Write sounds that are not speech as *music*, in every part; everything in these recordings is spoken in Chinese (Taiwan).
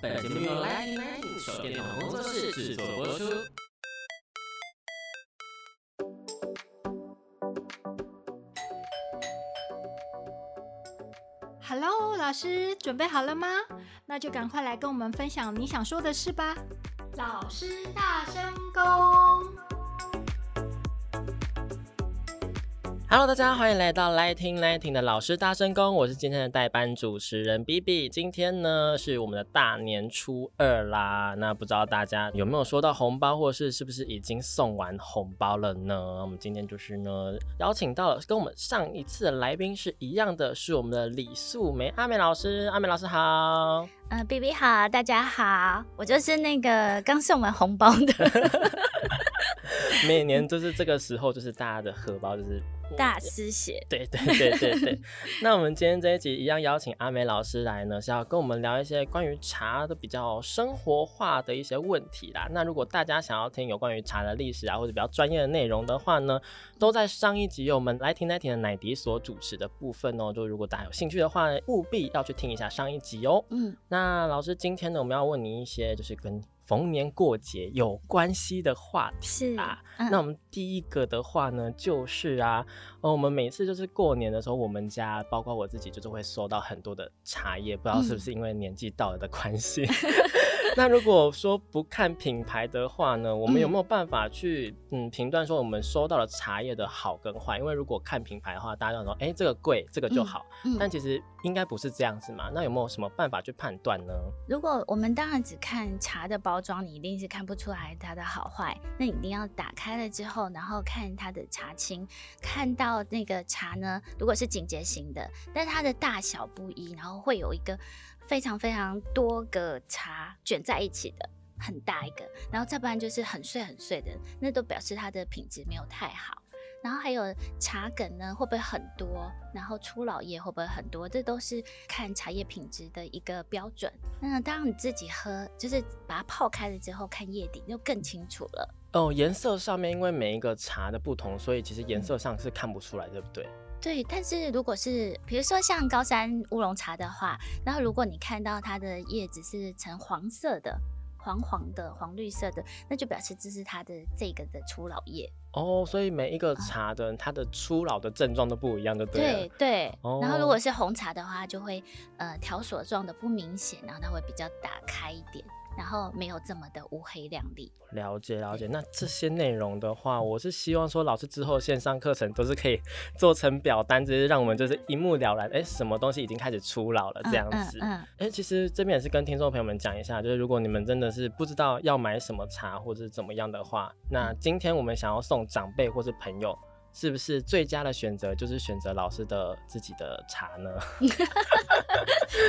本節目由 Lightning 手電筒工作室製作播出。Hello，老師，準備好了嗎？那就趕快來跟我們分享你想說的事吧。老師大，大聲公。Hello，大家，歡迎來到 Lighting Lighting 的老師大聲公，我是今天的代班主持人 BB。今天呢是我們的大年初二啦，那不知道大家有沒有收到紅包，或是是不是已經送完紅包了呢？我們今天就是呢邀請到了跟我們上一次的來賓是一樣的，是我們的李素梅阿美老師。阿美老師好，嗯、呃、，BB 好，大家好，我就是那個剛送完紅包的。 *laughs* 每年就是這個時候就，就是、嗯、大家的荷包就是大失血。對,對對對對對。 *laughs* 那我們今天這一集一樣邀請阿梅老師來呢，是要跟我們聊一些關於茶的比較生活化的一些問題啦。那如果大家想要聽有關於茶的歷史啊，或者比較專業的內容的話呢，都在上一集由我們來聽來聽的奶迪所主持的部分哦、喔。就如果大家有興趣的話，呢，務必要去聽一下上一集哦、喔。嗯。那老師今天呢，我們要問你一些就是跟。逢年過節有關係的話題啊，嗯、那我們第一個的話呢，就是啊、哦，我們每次就是過年的時候，我們家包括我自己，就是會收到很多的茶葉，不知道是不是因為年紀到了的關係。嗯 *laughs* *laughs* 那如果說不看品牌的話呢，我們有沒有辦法去嗯評斷、嗯、說我們收到了茶葉的好跟壞？因為如果看品牌的話，大家都說哎、欸、這個貴這個就好，嗯嗯、但其實應該不是這樣子嘛。那有沒有什麼辦法去判斷呢？如果我們當然只看茶的包裝，你一定是看不出來它的好壞。那你一定要打開了之後，然後看它的茶青，看到那個茶呢，如果是緊結型的，但它的大小不一，然後會有一個。非常非常多個茶捲在一起的，很大一個，然後再不然就是很碎很碎的，那都表示它的品質沒有太好。然後還有茶梗呢會不會很多，然後粗老葉會不會很多，這都是看茶葉品質的一個標準。那當然你自己喝，就是把它泡開了之後看葉底就更清楚了。哦，顏色上面因為每一個茶的不同，所以其實顏色上是看不出來，嗯、對不對？對，但是如果是比如說像高山烏龍茶的話，然後如果你看到它的葉子是呈黃色的、黃黃的、黃綠色的，那就表示這是它的這個的粗老葉。哦，所以每一個茶的人、嗯、它的粗老的症狀都不一樣就對了。對對對。哦、然後如果是紅茶的話，就會呃條索狀的不明顯，然後它會比較打開一點。然後沒有這麼的烏黑亮麗。了解了解，那這些內容的話，嗯、我是希望說老師之後線上課程都是可以做成表單，直接讓我們就是一目了然哎，什麼東西已經開始初老了、嗯、這樣子。哎、嗯嗯，其實這邊也是跟聽眾朋友們講一下，就是如果你們真的是不知道要買什麼茶或者是怎麼樣的話，嗯、那今天我們想要送長輩或是朋友，是不是最佳的選擇就是選擇老師的自己的茶呢？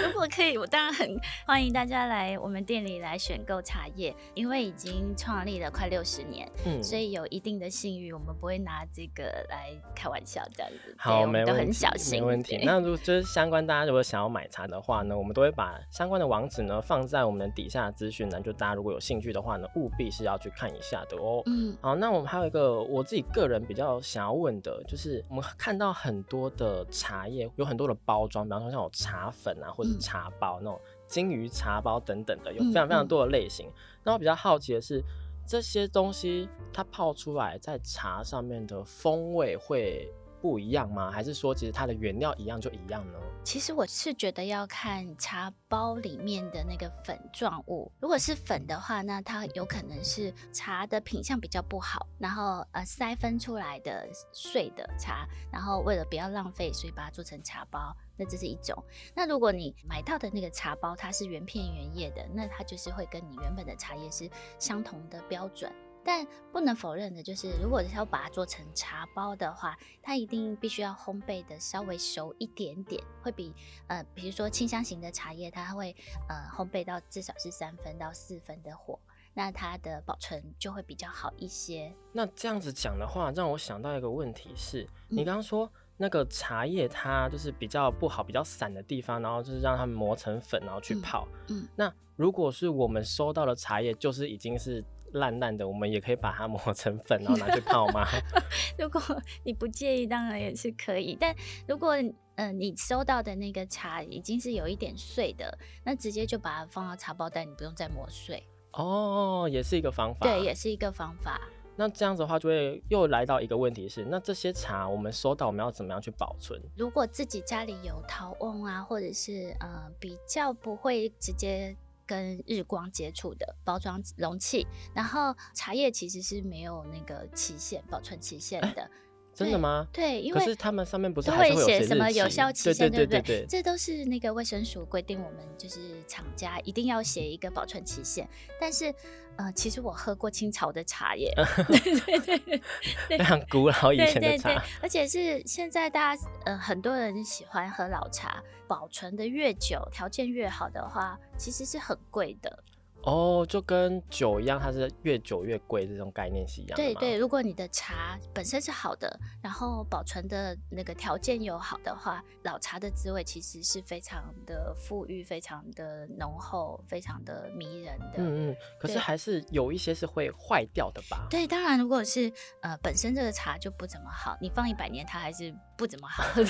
如果 *laughs* *laughs* 可以，我當然很歡迎大家來我們店裡來選購茶葉，因為已經創立了快六十年，嗯，所以有一定的信譽，我們不會拿這個來開玩笑這樣子。好，我們沒，沒問題，都很小心，沒問題。那如果就是相關，大家如果想要買茶的話呢，我們都會把相關的網址呢放在我們的底下的資訊欄，就大家如果有興趣的話呢，務必是要去看一下的哦。嗯，好，那我們還有一個我自己個人比較想要。穩的，就是我們看到很多的茶葉，有很多的包裝，比方說像有茶粉啊，或者茶包、嗯、那種金魚茶包等等的，有非常非常多的類型。嗯嗯，那我比較好奇的是，這些東西它泡出來在茶上面的風味會不一樣嗎？還是說其實它的原料一樣就一樣呢？其實我是覺得要看茶包裡面的那個粉狀物，如果是粉的話，那它有可能是茶的品相比較不好，然後呃篩分出來的碎的茶，然後為了不要浪費，所以把它做成茶包。那這是一種。那如果你買到的那個茶包它是原片原葉的，那它就是會跟你原本的茶葉是相同的標準。但不能否認的就是，如果是要把它做成茶包的話，它一定必須要烘焙的稍微熟一點點，會比呃，比如說清香型的茶葉，它會呃烘焙到至少是三分到四分的火，那它的保存就會比較好一些。那這樣子講的話，讓我想到一個問題是、嗯、你剛剛說那個茶葉它就是比較不好、比較散的地方，然後就是讓它磨成粉，然後去泡。嗯，嗯那如果是我們收到的茶葉，就是已經是。爛爛的，我們也可以把它磨成粉，然後拿去泡嗎？ *laughs* 如果你不介意，當然也是可以。但如果嗯、呃，你收到的那個茶已經是有一點碎的，那直接就把它放到茶包袋，你不用再磨碎。哦，也是一個方法。對，也是一個方法。那這樣子的話，就會又來到一個問題是，那這些茶我們收到，我們要怎麼樣去保存？如果自己家裡有陶甕啊，或者是呃比較不會直接。跟日光接觸的包裝容器，然後茶葉其實是沒有那個期限，保存期限的。欸？真的嗎？對，對，因為是他們上面不是，是會都會寫什麼有效期限，對不對，對，對，對，對？這都是那個衛生署規定，我們就是廠家一定要寫一個保存期限。但是，呃，其實我喝過清朝的茶葉， *laughs* *laughs* 非常古老以前的茶，對對對對，而且是現在大家、呃、很多人喜歡喝老茶，保存的越久，條件越好的話，其實是很貴的。哦，就跟酒一樣，它是越久越貴，這種概念是一樣的。對對，如果你的茶本身是好的，然後保存的那個條件又好的話，老茶的滋味其實是非常的富裕、非常的濃厚、非常的迷人的。嗯嗯，可是還是有一些是會壞掉的吧？對，對，當然，如果是呃本身這個茶就不怎麼好，你放一百年它還是。不怎麼好， *laughs*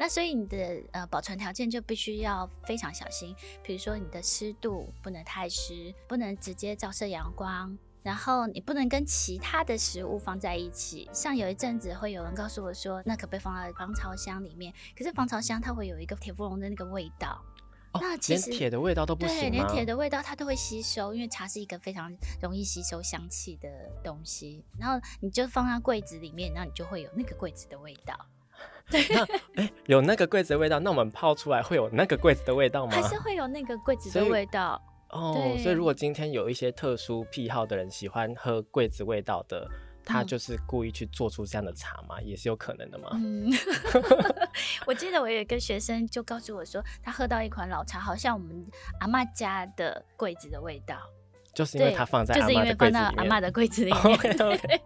那所以你的呃保存條件就必須要非常小心。比如說你的濕度不能太濕，不能直接照射陽光，然後你不能跟其他的食物放在一起。像有一陣子會有人告訴我說，那可不可以放到防潮箱裡面？可是防潮箱它會有一個鐵氟龍的那個味道。那其實連鐵的味道都不行，連鐵的味道它都會吸收，因為茶是一個非常容易吸收香氣的東西。然後你就放在櫃子裡面，然後你就會有那個櫃子的味道。對，那欸、有那個櫃子的味道，那我們泡出來會有那個櫃子的味道嗎？還是會有那個櫃子的味道？哦，對所以如果今天有一些特殊癖好的人喜歡喝櫃子味道的。他就是故意去做出這樣的茶嘛，也是有可能的嘛。嗯，我記得我有一個學生就告訴我說，他喝到一款老茶，好像我們阿嬤家的櫃子的味道。就是因為它放在阿媽的櫃子裡面。就是、因為放到阿媽的櫃子裡面。Oh, okay.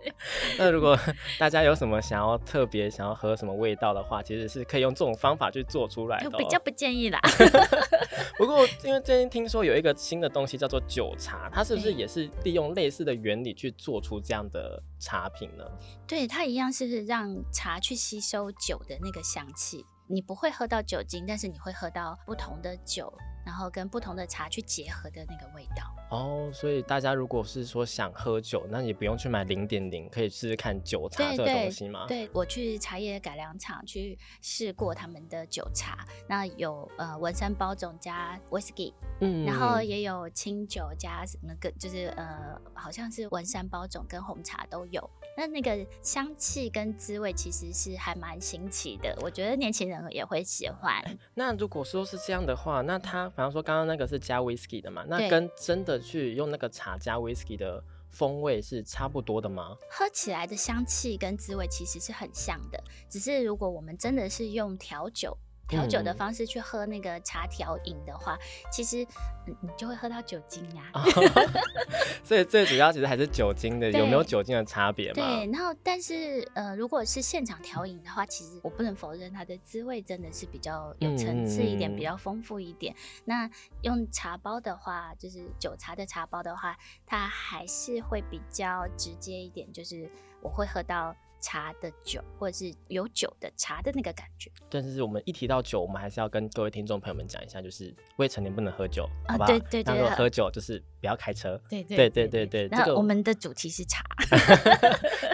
*laughs* 那如果大家有什麼想要特別想要喝什麼味道的話，其實是可以用這種方法去做出來的、喔。我比較不建議啦。 *laughs* *laughs* 不過因為最近聽說有一個新的東西叫做酒茶，它是不是也是利用類似的原理去做出這樣的茶品呢？對，它一樣是讓茶去吸收酒的那個香氣，你不會喝到酒精，但是你會喝到不同的酒。然後跟不同的茶去結合的那個味道哦，所以大家如果是說想喝酒，那你不用去買零點零，可以試試看酒茶這個東西嘛。對，我去茶葉改良廠去試過他們的酒茶，那有呃文山包種加 w 士 i s k y 嗯，然後也有清酒加什、那、麼個，就是呃好像是文山包種跟紅茶都有。那那個香氣跟滋味其實是還蠻新奇的，我覺得年輕人也會喜歡。那如果說是這樣的話，那他比方說剛剛那個是加威士忌的嘛，對那跟真的去用那個茶加威士忌的風味是差不多的嗎？喝起來的香氣跟滋味其實是很像的，只是如果我們真的是用調酒。調酒的方式去喝那個茶調飲的話，嗯、其實、嗯、你就會喝到酒精呀、啊。 *laughs* *laughs* 所以最主要其實還是酒精的對有沒有酒精的差別嘛？對，然後但是呃，如果是現場調飲的話，其實我不能否認它的滋味真的是比較有層次一點，嗯、比較豐富一點。嗯、那用茶包的話，就是酒茶的茶包的話，它還是會比較直接一點，就是我會喝到。茶的酒，或者是有酒的茶的那個感覺。但是我們一提到酒，我們還是要跟各位聽眾朋友們講一下，就是未成年不能喝酒，好吧？對對對。喝酒就是不要開車。對對對對對。這個我們的主題是茶。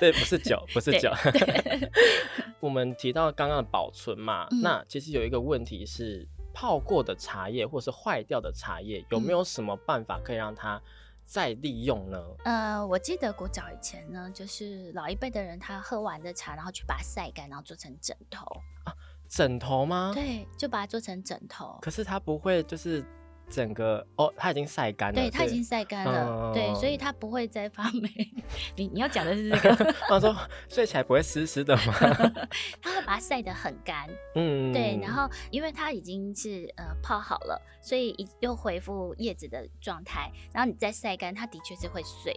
對，不是酒，不是酒。我們提到剛剛的保存嘛，那其實有一個問題是，泡過的茶葉或是壞掉的茶葉，有沒有什麼辦法可以讓它？再利用呢？呃，我記得古早以前呢，就是老一輩的人，他喝完的茶，然後去把它曬乾，然後做成枕頭啊，枕頭嗎？對，就把它做成枕頭。可是他不會，就是整個哦，他已經曬乾了。對，對他已經曬乾了。哦哦哦哦哦對，所以它不會再發霉。 *laughs* 你你要講的是這個？他 *laughs* *laughs* 說睡起來不會濕濕的嗎？ *laughs* 他它曬得很乾，嗯，對，然後因為它已經是呃泡好了，所以又恢復葉子的狀態，然後你再曬乾，它的確是會碎。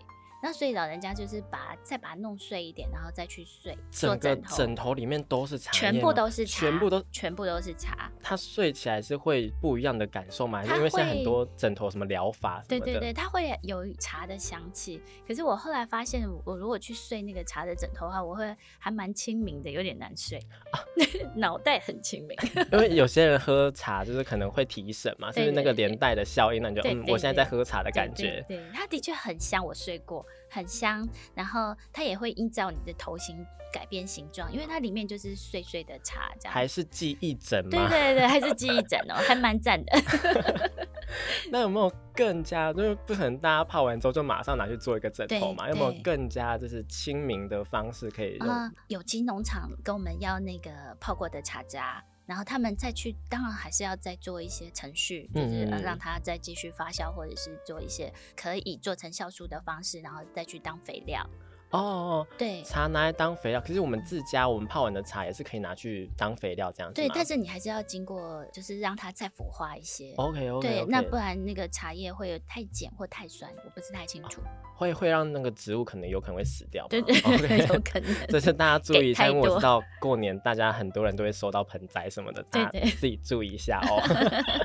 那所以老人家就是把再把它弄碎一點，然後再去睡。整個枕頭裡面都是茶，全部都是茶，全部都，全部都是茶。它睡起來是會不一樣的感受嘛？會因為現在很多枕頭什麼療法麼，對對對，它會有茶的香氣。可是我後來發現，我如果去睡那個茶的枕頭的話，我會還蠻清明的，有點難睡啊， *laughs* 腦袋很清明。因為有些人喝茶就是可能會提神嘛，所以 *laughs* 那個連帶的效應，那你就對對對對嗯，我現在在喝茶的感覺。對，對，對，對，它的確很香，我睡過。很香，然後它也會依照你的頭型改變形狀，因為它裡面就是碎碎的茶這樣。還是記憶枕嗎？對對對，還是記憶枕哦， *laughs* 還蠻讚的。 *laughs* *laughs* 那有沒有更加就是不可能大家泡完之後就馬上拿去做一個枕頭嘛？有沒有更加就是親民的方式可以用？用、嗯，有機農場跟我們要那個泡過的茶渣。然後他們再去，當然還是要再做一些程序，就是讓它再繼續發酵，嗯、或者是做一些可以做成酵素的方式，然後再去當肥料。哦，對，茶拿來當肥料，可是我們自家我們泡完的茶也是可以拿去當肥料這樣子嗎？對，但是你還是要經過，就是讓它再腐化一些。OK OK，對，okay. 那不然那個茶葉會有太鹼或太酸，我不是太清楚。哦會會讓那個植物可能有可能會死掉，對,對,對，okay, 有可能。這是大家注意，因為我知道過年大家很多人都會收到盆栽什麼的，大家、啊、自己注意一下哦。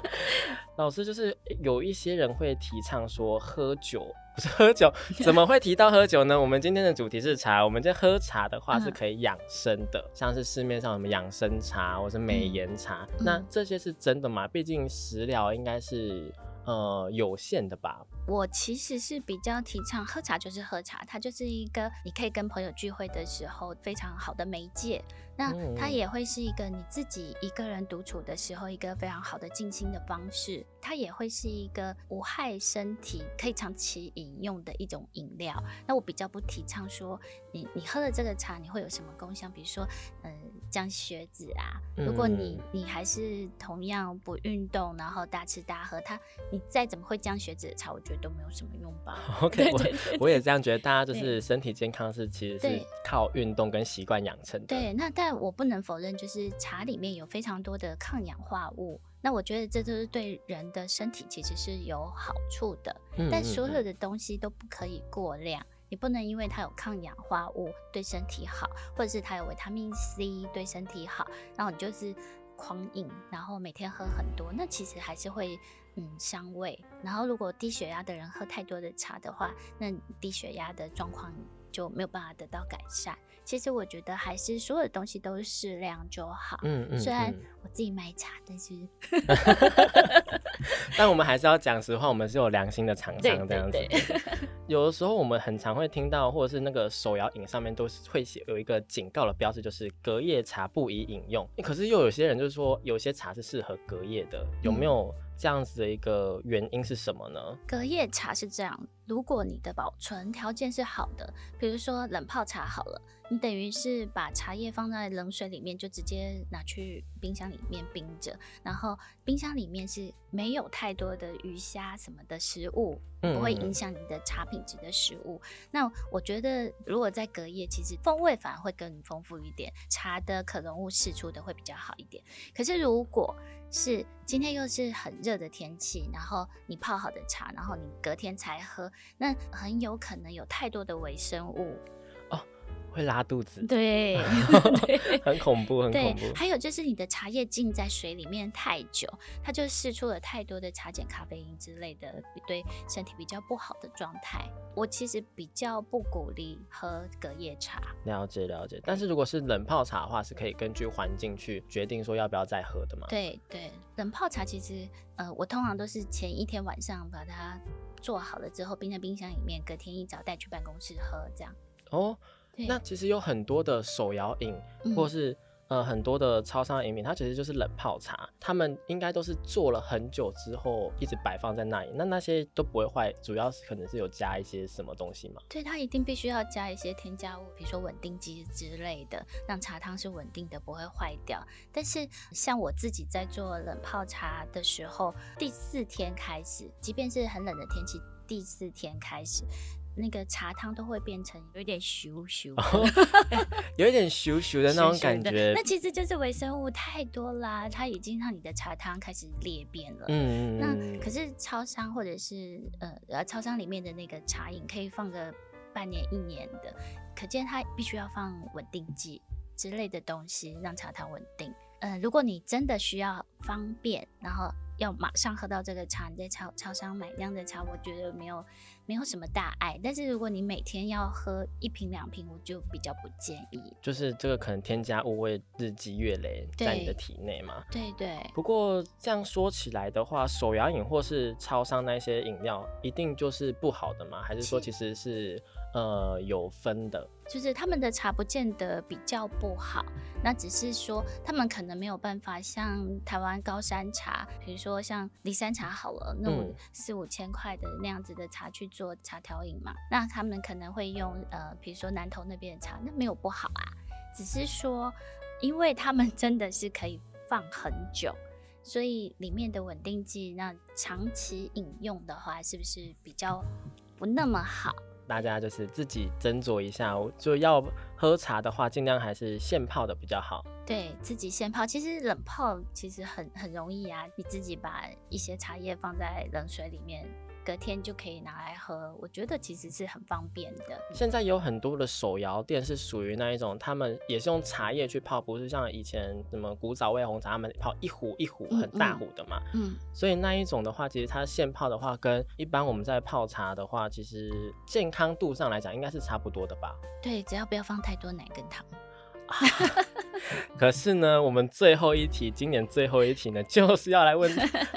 *laughs* 老師就是有一些人會提倡說喝酒，不是喝酒，怎麼會提到喝酒呢？ *laughs* 我們今天的主題是茶，我們這喝茶的話是可以養生的，嗯、像是市面上什麼養生茶或是美顏茶，嗯、那這些是真的嗎？畢竟食療應該是。呃，有限的吧。我其實是比較提倡喝茶，就是喝茶，它就是一個你可以跟朋友聚會的時候非常好的媒介。那它也會是一個你自己一個人獨處的時候一個非常好的靜心的方式，它也會是一個無害身體可以長期飲用的一種飲料。那我比較不提倡說你你喝了這個茶你會有什麼功效，比如說呃、嗯、降血脂啊。如果你你還是同樣不運動，然後大吃大喝，它你再怎麼會降血脂的茶，我覺得都沒有什麼用吧。OK，我對對對對，我也這樣覺得，大家就是身體健康是其實是靠運動跟習慣養成的對。對，那但。但我不能否認，就是茶裡面有非常多的抗氧化物。那我覺得這就是對人的身體其實是有好處的。嗯嗯嗯但所有的東西都不可以過量，你不能因為它有抗氧化物對身體好，或者是它有維他命 C 對身體好，然後你就是狂飲，然後每天喝很多，那其實還是會嗯傷胃。然後如果低血壓的人喝太多的茶的話，那低血壓的狀況就沒有辦法得到改善。其實我覺得還是所有的東西都是適量就好。嗯嗯。嗯雖然我自己賣茶，嗯、但是， *laughs* *laughs* 但我們還是要講實話，我們是有良心的廠商這樣子。對對對 *laughs* 有的時候我們很常會聽到，或者是那個手搖飲，上面都是會寫有一個警告的標誌，就是隔夜茶不宜飲用。可是又有些人就是說，有些茶是適合隔夜的，嗯、有沒有這樣子的一個原因是什麼呢？隔夜茶是這樣。如果你的保存條件是好的，比如說冷泡茶好了，你等於是把茶葉放在冷水裡面，就直接拿去冰箱裡面冰着，然後冰箱裡面是沒有太多的魚蝦什麼的食物，不會影響你的茶品質的食物。嗯嗯。那我覺得，如果在隔夜，其實風味反而會更豐富一點，茶的可溶物釋出的會比較好一點。可是如果是，今天又是很熱的天氣，然後你泡好的茶，然後你隔天才喝，那很有可能有太多的微生物。會拉肚子，對， *laughs* 很恐怖，對很恐怖。還有就是你的茶葉浸在水裡面太久，它就釋出了太多的茶鹼、咖啡因之類的，對身體比較不好的狀態。我其實比較不鼓勵喝隔夜茶。了解了解，了解。對但是如果是冷泡茶的話，是可以根據環境去決定說要不要再喝的嘛？對對，冷泡茶其實，呃，我通常都是前一天晚上把它做好了之後，冰在冰箱裡面，隔天一早帶去辦公室喝，這樣。哦。那其實有很多的手搖飲，或是、嗯、呃，很多的超商飲品，它其實就是冷泡茶。他們應該都是做了很久之後，一直擺放在那裡。那那些都不會壞，主要是可能是有加一些什麼東西嘛？對，它一定必須要加一些添加物，比如說穩定劑之類的，讓茶湯是穩定的，不會壞掉。但是像我自己在做冷泡茶的時候，第四天開始，即便是很冷的天氣，第四天開始。那個茶湯都會變成有一點咻咻，oh, *laughs* *laughs* 有一點咻咻的那種感覺咻咻。那其實就是微生物太多啦，它已經讓你的茶湯開始裂變了。嗯嗯、mm hmm. 那可是超商或者是呃呃超商裡面的那個茶飲可以放個半年一年的，可見它必須要放穩定劑之類的東西，讓茶湯穩定。嗯、呃，如果你真的需要方便，然後要馬上喝到這個茶，你在超超商買這樣的茶，我覺得沒有沒有什麼大礙。但是如果你每天要喝一瓶兩瓶，我就比較不建議。就是這個可能添加物會日積月累對在你的體內嘛。對對。不過這樣說起來的話，手搖飲或是超商那些飲料，一定就是不好的嗎？還是說其實是，是？呃，有分的，就是他們的茶不見得比較不好，那只是說他們可能沒有辦法像台灣高山茶，比如說像梨山茶好了，那四五千塊的那樣子的茶去做茶調飲嘛，嗯、那他們可能會用呃，比如說南投那邊的茶，那沒有不好啊，只是說，因為他們真的是可以放很久，所以裡面的穩定劑，那長期飲用的話，是不是比較不那麼好？大家就是自己斟酌一下，就要喝茶的話，儘量還是現泡的比較好。對，自己現泡，其實冷泡其實很很容易啊，你自己把一些茶葉放在冷水裡面。隔天就可以拿來喝，我覺得其實是很方便的。現在有很多的手搖店是屬於那一種，他們也是用茶葉去泡，不是像以前什麼古早味紅茶，他們泡一壺一壺、嗯、很大壺的嘛。嗯，所以那一種的話，其實它現泡的話，跟一般我們在泡茶的話，其實健康度上來講應該是差不多的吧？對，只要不要放太多奶跟糖。 *laughs* *laughs* 可是呢，我們最後一題，今年最後一題呢，就是要來問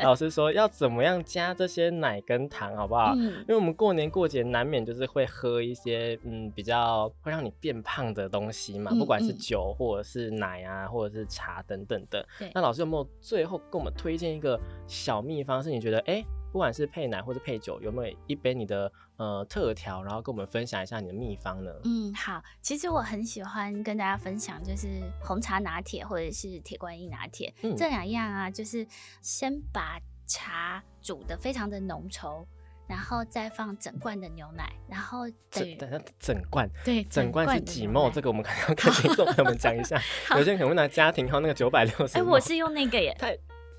老師說，要怎麼樣加這些奶跟糖，好不好？嗯，因為我們過年過節難免就是會喝一些，嗯，比較會讓你變胖的東西嘛，嗯嗯，不管是酒或者是奶啊，或者是茶等等的。對那老師有沒有最後給我們推薦一個小秘方？是你覺得哎？欸不管是配奶或者配酒，有沒有一杯你的呃特調，然後跟我們分享一下你的秘方呢？嗯，好，其實我很喜歡跟大家分享，就是紅茶拿鐵或者是鐵觀音拿鐵、嗯、這兩樣啊，就是先把茶煮得非常的濃稠，然後再放整罐的牛奶，然後等，整，等整罐對，整罐是幾 ml？這個我們可能要跟聽眾朋友們講一下， *laughs* 好有些人可能會拿家庭號那個九百六十，哎，我是用那個耶。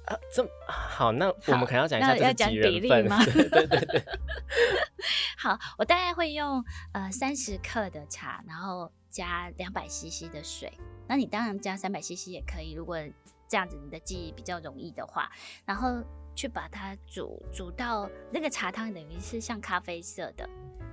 啊、這好，那我們可能要講一下這幾，要講比例嗎？對對對對 *laughs* 好，我大概會用呃三十克的茶，然後加兩百 CC 的水。那你當然加三百 CC 也可以，如果這樣子你的記憶比較容易的話，然後去把它煮，煮到那個茶湯等於是像咖啡色的，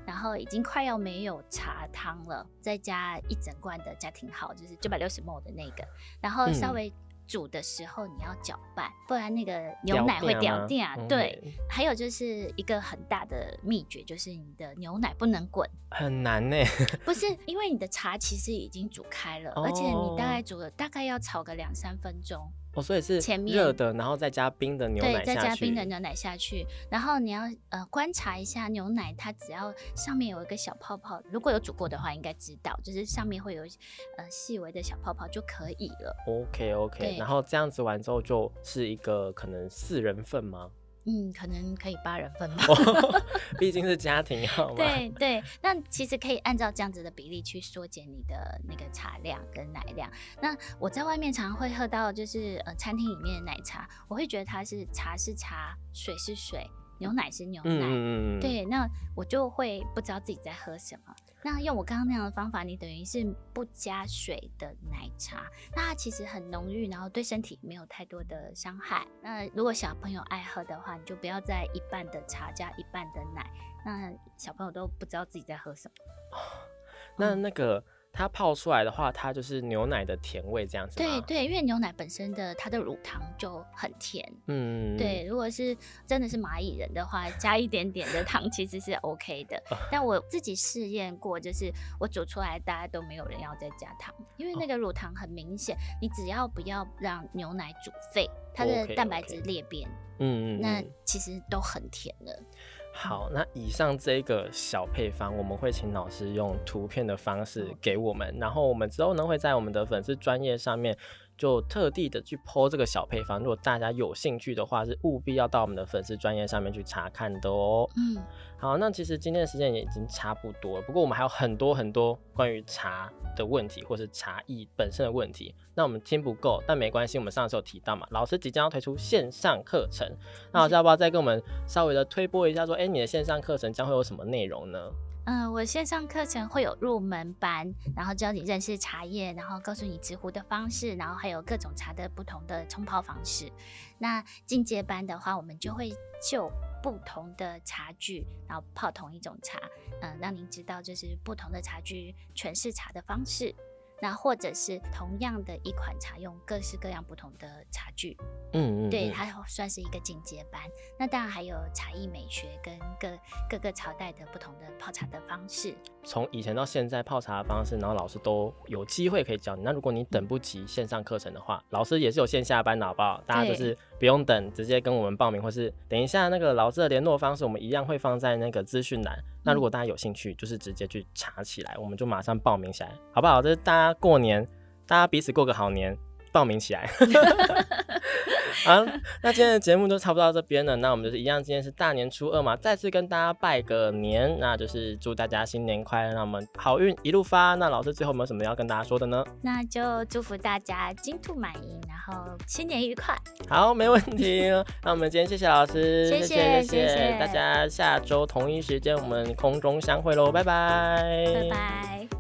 然後已經快要沒有茶湯了，再加一整罐的家庭號，就是九百六十 mL 的那個，然後稍微。煮的時候你要攪拌，不然那個牛奶會掉掉，頂頂嗎？對，Okay. 還有就是一個很大的秘訣，就是你的牛奶不能滾，很難呢。 *laughs* 不是，因為你的茶其實已經煮開了，Oh. 而且你大概煮了大概要炒個兩三分鐘。哦，所以是前面熱的，然後，再加冰的牛奶，對，再加冰的牛奶下去，然後你要呃觀察一下牛奶，它只要上面有一個小泡泡，如果有煮過的話，應該知道，就是上面會有呃細微的小泡泡就可以了。OK OK，對然後這樣子完之後就是一個可能四人份嗎？嗯，可能可以八人分吧。畢、 *laughs* 哦、竟是家庭，好 *laughs* 對對，那其實可以按照這樣子的比例去縮減你的那個茶量跟奶量。那我在外面常常會喝到，就是呃餐廳裡面的奶茶，我會覺得它是茶是茶，水是水。牛奶是牛奶，嗯嗯嗯嗯，對，那我就會不知道自己在喝什麼。那用我剛剛那樣的方法，你等於是不加水的奶茶，那它其實很濃郁，然後對身體沒有太多的傷害。那如果小朋友愛喝的話，你就不要在一半的茶加一半的奶，那小朋友都不知道自己在喝什麼。那那個。嗯它泡出來的話，它就是牛奶的甜味這樣子。對對，因為牛奶本身的它的乳糖就很甜。嗯。對，如果是真的是螞蟻人的話，加一點點的糖其實是 OK 的。 *laughs* 但我自己試驗過，就是我煮出來，大家都沒有人要再加糖，因為那個乳糖很明顯。哦、你只要不要讓牛奶煮沸，它的蛋白質裂變，okay, okay 嗯，嗯，嗯，那其實都很甜的。好，那以上這一個小配方，我們會請老師用圖片的方式給我們，然後我們之後呢會在我們的粉絲專頁上面，就特地的去 po 這個小配方，如果大家有興趣的話，是務必要到我們的粉絲專頁上面去查看的哦。嗯，好，那其實今天的時間也已經差不多了，不過我們還有很多很多關於茶的問題，或是茶藝本身的問題，那我們聽不夠，但沒關係，我們上次有提到嘛，老師即將要推出線上課程，那老師要不要再跟我們稍微的推播一下，說，誒、欸，你的線上課程將會有什麼內容呢？嗯，我線上課程會有入門班，然後教你認識茶葉，然後告訴你執壺的方式，然後還有各種茶的不同的沖泡方式。那進階班的話，我們就會就不同的茶具，然後泡同一種茶，嗯，讓您知道就是不同的茶具詮釋茶的方式。那或者是同樣的一款茶，用各式各樣不同的茶具，嗯，嗯嗯，對，它算是一個進階班。那當然還有茶藝美學跟各各個朝代的不同的泡茶的方式。從以前到現在泡茶的方式，然後老師都有機會可以教你。那如果你等不及線上課程的話，老師也是有線下班的，好不好？大家就是不用等，直接跟我們報名，或是等一下那個老師的聯絡方式，我們一樣會放在那個資訊欄。那如果大家有興趣，就是直接去查起來，我們就馬上報名起來，好不好？就是大家過年，大家彼此過個好年，報名起來。 *laughs* *laughs* 好、 *laughs* 嗯，那今天的節目就差不多到這邊了。那我們就是一樣，今天是大年初二嘛，再次跟大家拜個年，那就是祝大家新年快樂，那我們好運一路發。那老師最後有沒有什麼要跟大家說的呢？那就祝福大家金兔滿盈，然後新年愉快。好，沒問題。 *laughs* 那我們今天謝謝老師，謝謝，謝謝，謝謝大家。下周同一時間我們空中相會嘍，拜拜，拜拜。